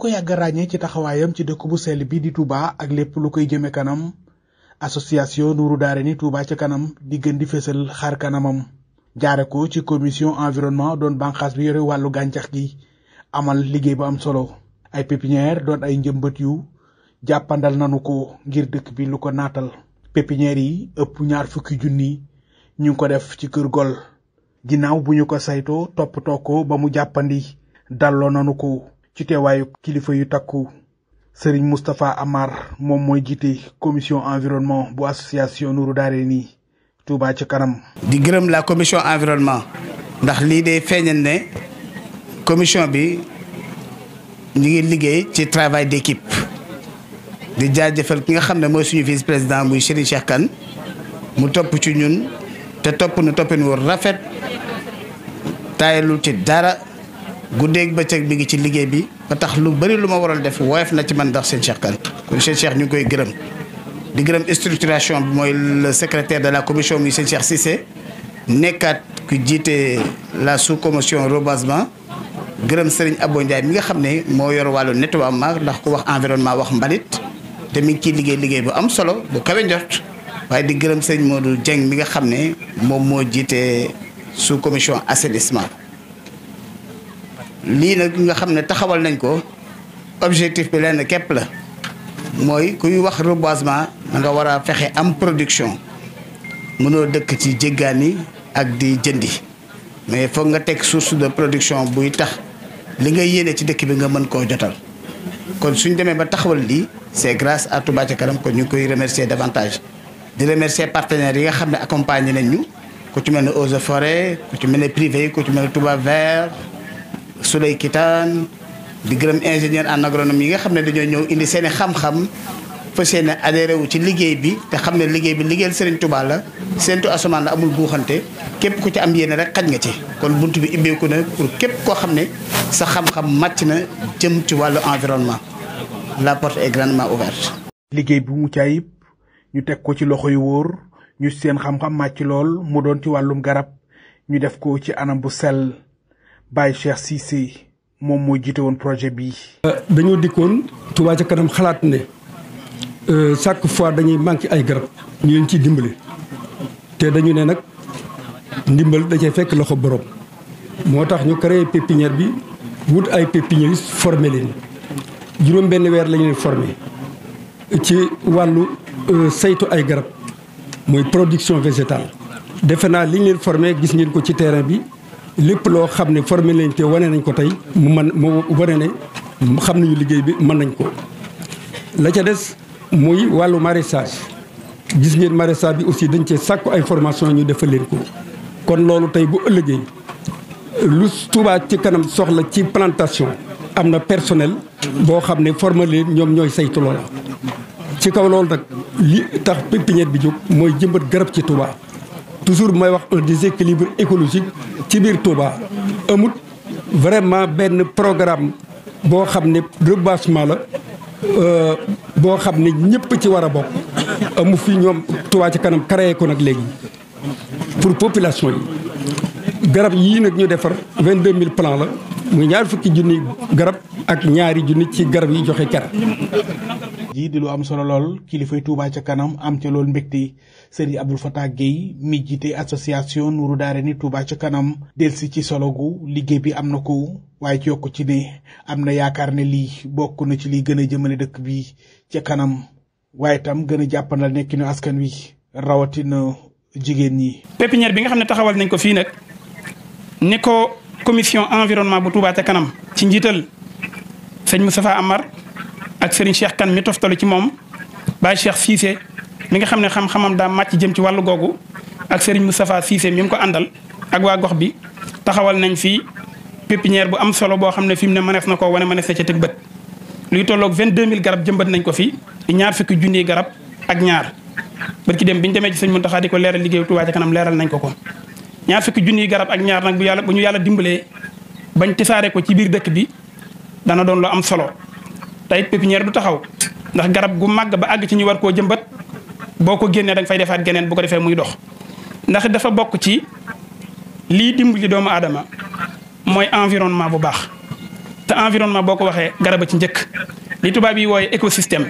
ko yàgg ràññee ci taxawaayam ci dëkk bu sell bi di Touba ak lépp lu koy jëme kanam association Nourou ni Touba ci kanam di gën di fésal xar kanamam jaare ko ci commission environnement doon bànqaas bi yore wàllu gàncax gi amal liggéey bu am solo ay pépinière doon ay njëmbat yu jàppandal nanu ko ngir dëkk bi lu ko naatal pépinière yi ëpp ñaar fukki junni ñu ngi ko def ci kër gol ginnaaw bu ñu ko saytoo toppatoo ko ba mu jàppandi dalloo nanu ko ci teewaayu kilifa yu takku sëriñ Moustapha Amar moom mooy jiite commission environnement bu association Nourou nii Touba ci kanam. di gërëm la commission environnement ndax lii day feeñal ne commission bi ñu ngi liggéey ci travail d'équipe di jaajëfal ki nga xam ne mooy suñu vice président muy Serigne Cheikh mu topp ci ñun te topp nu toppin wu rafet taayalul ci dara. ba bëccëg bi ngi ci liggéey bi ba tax lu bari lu ma waral def woyof na ci man ndax seen Cheikh Kane kon seen ñu ngi koy gërëm di gërëm structuration bi mooy le secrétaire de la commission muy seen Cheikh Cissé nekkaat ku jiitee la sous commission reboisement gërëm Serigne Abo Ndiaye mi nga xam ne moo yor wàllu nettoiement ndax ku wax environnement wax mbalit te mi ngi ciy liggéey liggéey bu am solo bu kawe njort waaye di gërëm Serigne Modou Dieng mi nga xam ne moom moo jiite sous commission assainissement. lii nag nga xam ne taxawal nañ ko objectif bi lenn képp la mooy kuy wax reboisement da nga war a fexe am production mënoo dëkk ci jéggaani ak di jëndi mais foog nga teg source de production buy tax li nga yéene ci dëkk bi nga mën koo jotal kon suñ demee ba taxawal lii c'est grâce à Touba ca kanam ko ñu koy remercier davantage di remercier partenaires yi nga xam ne accompagné nañ ñu ku ci mel ne eaux et forêt ku ci mel ne privé ku ci mel ne Touba vert Souley Kitaan di gërëm ingénieur en agronomie yi nga xam ne dañoo ñëw indi seen i xam-xam fa seen adhéré wu ci liggéey bi te xam ne liggéey bi liggéeyal Serigne Touba la seentu asamaan amul buuxante képp ku ci am yéene rek xaj nga ci kon bunt bi ibbeeku na pour képp koo xam ne sa xam-xam màcc na jëm ci wàllu environnement la porte est grandement ouverte. liggéey bu mu caayib ñu teg ko ci loxo yu wóor ñu seen xam-xam màcc lool mu doon ci wàllum garab ñu def ko ci anam bu sell. Baye Cheikh Cissé moom moo jiite woon projet bii. dañoo dikkoon Touba ca kanam xalaat ne euh, chaque fois dañuy manqué ay garab ñu leen ciy dimbali te dañu ne nag ndimbal da fekk loxo borom moo tax ñu créé pépinière bi wut ay pépiniéristes formé leen juróom benn weer lañu leen formé ci wàllu euh, saytu ay garab mooy production végétale defe naa li ñu leen formé gis ngeen ko ci terrain bi. lépp loo xam ne formé lañ te wane nañ ko tey mu mën mu wane ne xam nañu liggéey bi mën nañ ko la ca des muy wàllu maraîchage gis ngeen maraîchage bi aussi dañ cee sàkku ay formation ñu defal leen ko kon loolu tey bu ëllëgee lu Touba ci kanam soxla ci plantation am na personnel boo xam ne formé leen ñoom ñooy saytu loola ci kaw loolu nag li tax pépinière bi jóg mooy jëmbat garab ci Touba toujours mooy wax un déséquilibre écologique ci biir Touba amut vraiment benn programme boo xam ne reboisement la euh, boo xam ne ñëpp ci war a bokk amu fi ñoom Touba ci kanam créé ko nag léegi pour population yi garab yii nag ñu defar vingt-deux mille plans la muy ñaar fukki junni garab ak ñaari junni ci garab yi joxe ker ji di lu am solo lool kilifay Touba ca kanam am ca lool mbégte Serigne Abdoul Fatah Guèye mi jiite association Nourou ni Touba ca kanam delsi ci solo gu liggéey bi am na ko waaye ci yokk ci ne am na yaakaar ne lii bokk na ci liy gën a jëmale dëkk bi ca kanam waaye tam gën a jàppandal nekkinu askan wi rawatina jigéen ñi. pépinière bi nga xam ne taxawal nañ ko fii nag ne ko commission environnement bu Touba ca kanam ci njiital sëñ Moustapha Amar. ak Serigne Cheikh Kane mi toftalu ci moom Baye Cheikh Cissé mi nga xam ne xam-xamam daa màcc jëm ci wàllu googu ak Serigne Moustapha Cissé mi ngi ko àndal ak waa gox bi taxawal nañ fi pépinière bu am solo boo xam ne fi mu ne mënees na ko wane mënees na ca teg bët. luy tolloog 22000 garab jëmbat nañ ko fi ñaar fukki junniy garab ak ñaar barki dem bi ñu demee ci sëñ Mountakha di ko leeral liggéeyu Touba ca kanam leeral nañ ko ko. ñaar fukki junniy garab ak ñaar nag bu yàlla bu ñu yàlla dimbalee bañ tasaare ko ci biir dëkk bi dana doon lu am solo tey pépinière du taxaw ndax garab gu màgg ba àgg ci ñu war koo jëmbat boo ko génnee da fay defaat geneen bu ko defee muy dox ndax dafa bokk ci lii dimbali doomu aadama mooy environnement bu baax te environnement boo ko waxee garab a ci njëkk li tubaab yi wooye écosystème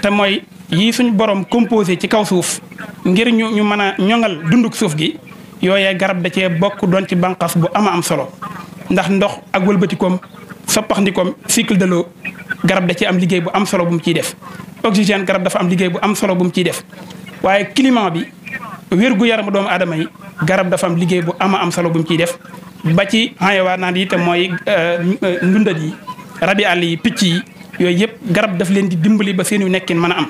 te mooy yii suñu borom composé ci kaw suuf ngir ñu ñu mën a ñoŋal dunduk suuf gi yooyee garab da cee bokk doon ci bànqaas bu ama am solo ndax ndox ak wëlbatikoom soppaxndikoom cycle de l'eau garab da ci am liggéey bu am solo bu ciy def oxygène garab dafa am liggéey bu am solo bu mu ciy def waaye climat bi wér gu yaramu doomu aadama yi garab dafa am liggéey bu ama am solo bu mu ciy def ba ci xayawaan naan yi te mooy euh, ndundat yi rabi àll yi picc yi yooyu yëpp garab daf leen di dimbali ba seen yu nekkin mën a am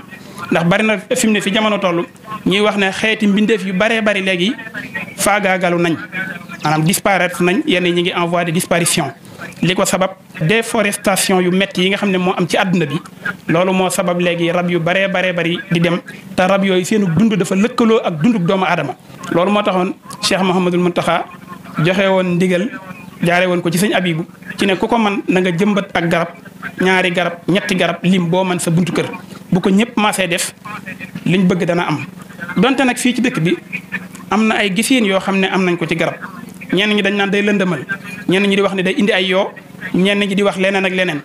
ndax bari na fi mu ne fi jamono toll ñuy wax ne xeeti mbindeef yu baree bari léegi faagaagalu nañ maanaam disparaître nañ yenn ñi ngi en voie de disparition li ko sabab déforestation yu métti yi nga xam ne moo am ci àdduna bi loolu moo sabab léegi rab yu baree baree bari di dem te rab yooyu seenu dund dafa lëkkaloo ak dundub doomu aadama loolu moo taxoon Cheikh Mouhamadul taxaa joxe woon ndigal jaare woon ko ci sëñ Abibu ci ne ku ko man na nga jëmbat ak garab ñaari garab ñetti garab lim boo man sa buntu kër bu ko ñëpp maasee def liñ bëgg dana am donte nag fii ci dëkk bi am na ay gisiin yoo xam ne am nañ ko ci garab ñenn ñi dañ naan day lëndëmal ñenn ñi di wax ne day indi ay yoo ñenn ñi di wax leneen ak leneen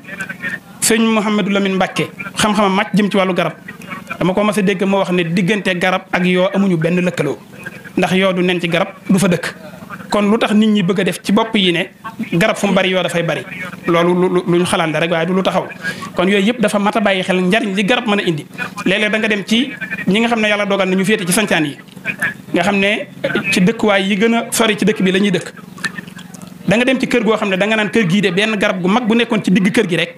sëñ Mouhamadou Lamine Mbacke xam-xamam màcc jëm ci wàllu garab dama ko mas a dégg moo wax ne diggante garab ak yoo amuñu benn lëkkaloo ndax yoo du nen ci garab du fa dëkk kon lu tax nit ñi bëgg a def ci bopp yi ne garab fu mu bari yoo dafay bari loolu lu lu ñu xalaat rek waaye du lu taxaw kon yooyu yëpp dafa mat a bàyyi xel njariñ li garab mën a indi léeg-léeg dem ci ñi nga xam ne yàlla dogal féete ci sancaan yi nga xam ne ci dëkkuwaay yi gën a sori ci dëkk bi la dëkk da dem ci kër goo xam ne da nga naan kër gii de benn garab gu mag bu nekkoon ci digg kër gi rek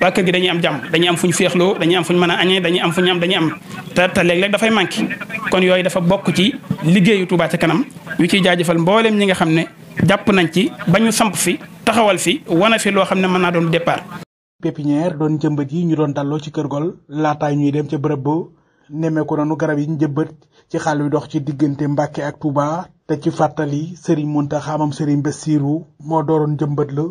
waa gi dañuy am jàmm dañuy am fu ñu féexloo am fu ñu mën a añee dañuy am fu am dañuy am te te léeg-léeg dafay manqué kon yooyu dafa bokk ci liggéeyu Touba ca kanam ñu ciy jaajëfal mboolem ñi nga xam ne jàpp nañ ci ba ñu samp fi taxawal fi wana fi loo xam ne mën naa doon départ. pépinière doon jëmbat yi ñu doon dalloo ci kër gol laataay ñuy dem ca bërëb ba nemmeeku nañu garab yi ñu ci xàll wi dox ci diggante Mbàkke ak Touba te ci fàttali Serigne Mountakha moom Serigne Bassirou moo dooroon jëmbat la.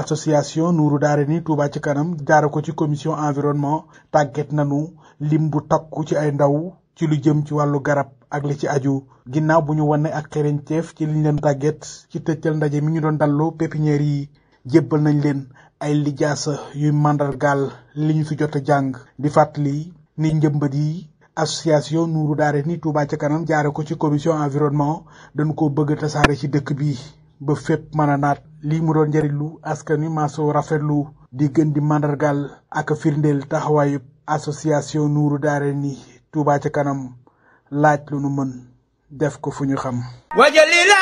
association Nuuru ni Touba ci kanam jaare ko ci commission environnement tàgget nañu lim bu takku ci ay ndaw ci lu jëm ci wàllu garab. ak li ci aju ginnaaw bu ñu wane ak xereñteef ci liñ leen tàgget ci tëccal ndaje mi ñu doon dallu pépinière yi jébbal nañ leen ay lijaasa yuy màndargaal li ñu fi jot jàng di fàttali ni njëmbat yi asociation Nuuru Daare ni Touba ci kanam jaare ko ci commission environnement dañu ko bëgg a tasaare ci dëkk bi ba fépp mën naat lii mu doon njëriñ lu ni wi maaso rafetlu di gën di màndargaal ak firndeel taxawaayub association Nuuru Daare ni Touba ca kanam laaj lu nu mën def ko fu ñu xam wajali